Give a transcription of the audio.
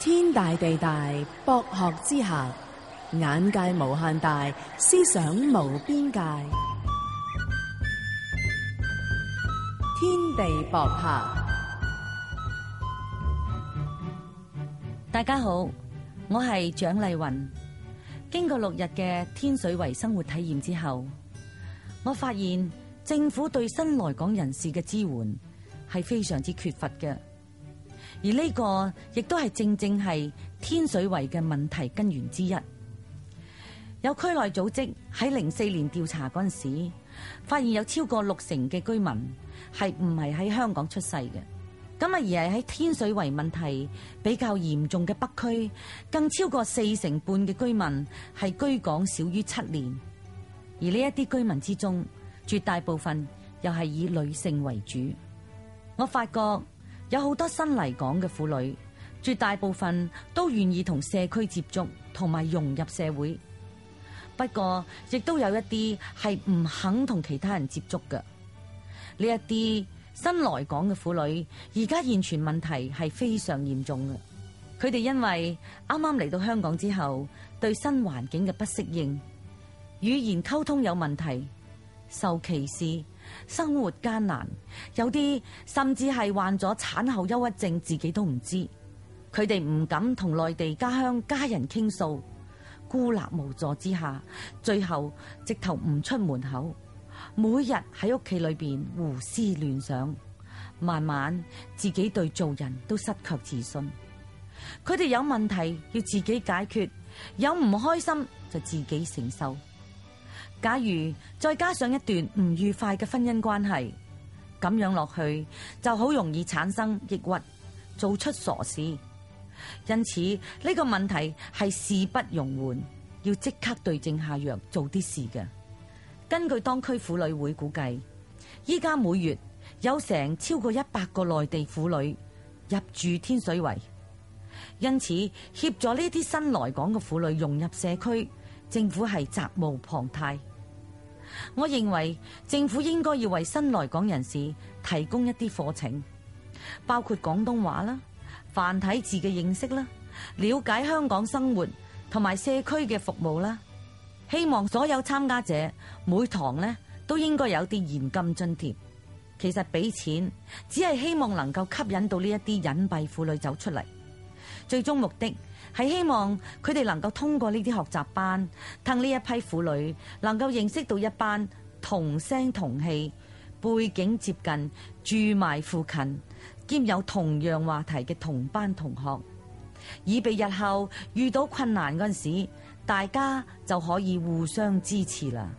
天大地大，博學之下，眼界無限大，思想無邊界。天地博客，大家好，我係蔣麗芸。經過六日嘅天水圍生活體驗之後，我發現政府對新來港人士嘅支援係非常之缺乏嘅。而呢個亦都係正正係天水圍嘅問題根源之一。有區內組織喺零四年調查嗰陣時，發現有超過六成嘅居民係唔係喺香港出世嘅，咁啊而係喺天水圍問題比較嚴重嘅北區，更超過四成半嘅居民係居港少於七年。而呢一啲居民之中，絕大部分又係以女性為主。我發覺。有好多新嚟港嘅婦女，絕大部分都願意同社區接觸，同埋融入社會。不過，亦都有一啲係唔肯同其他人接觸嘅。呢一啲新來港嘅婦女，而家現存問題係非常嚴重嘅。佢哋因為啱啱嚟到香港之後，對新環境嘅不適應，語言溝通有問題，受歧視，生活艱難，有啲甚至係患咗產後憂鬱症，自己都唔知。佢哋唔敢同內地家鄉家人傾訴，孤立無助之下，最後直頭唔出門口，每日喺屋企裏邊胡思亂想，慢慢自己對做人都失卻自信。佢哋有問題要自己解決，有唔開心就自己承受。假如再加上一段唔愉快嘅婚姻關係，咁樣落去就好容易產生抑鬱，做出傻事。因此呢個問題係事不容緩，要即刻對症下藥做啲事嘅。根據當區婦女會估計，依家每月有成超過一百個內地婦女入住天水圍，因此協助呢啲新來港嘅婦女融入社區，政府係責無旁貸。我認為政府應該要為新來港人士提供一啲課程，包括廣東話啦、繁體字嘅認識啦、了解香港生活同埋社區嘅服務啦。希望所有參加者每堂呢都應該有啲現金津貼。其實俾錢只係希望能夠吸引到呢一啲隱蔽婦女走出嚟。最終目的係希望佢哋能夠通過呢啲學習班，趁呢一批婦女能夠認識到一班同聲同氣、背景接近、住埋附近兼有同樣話題嘅同班同學，以備日後遇到困難嗰陣時候，大家就可以互相支持了。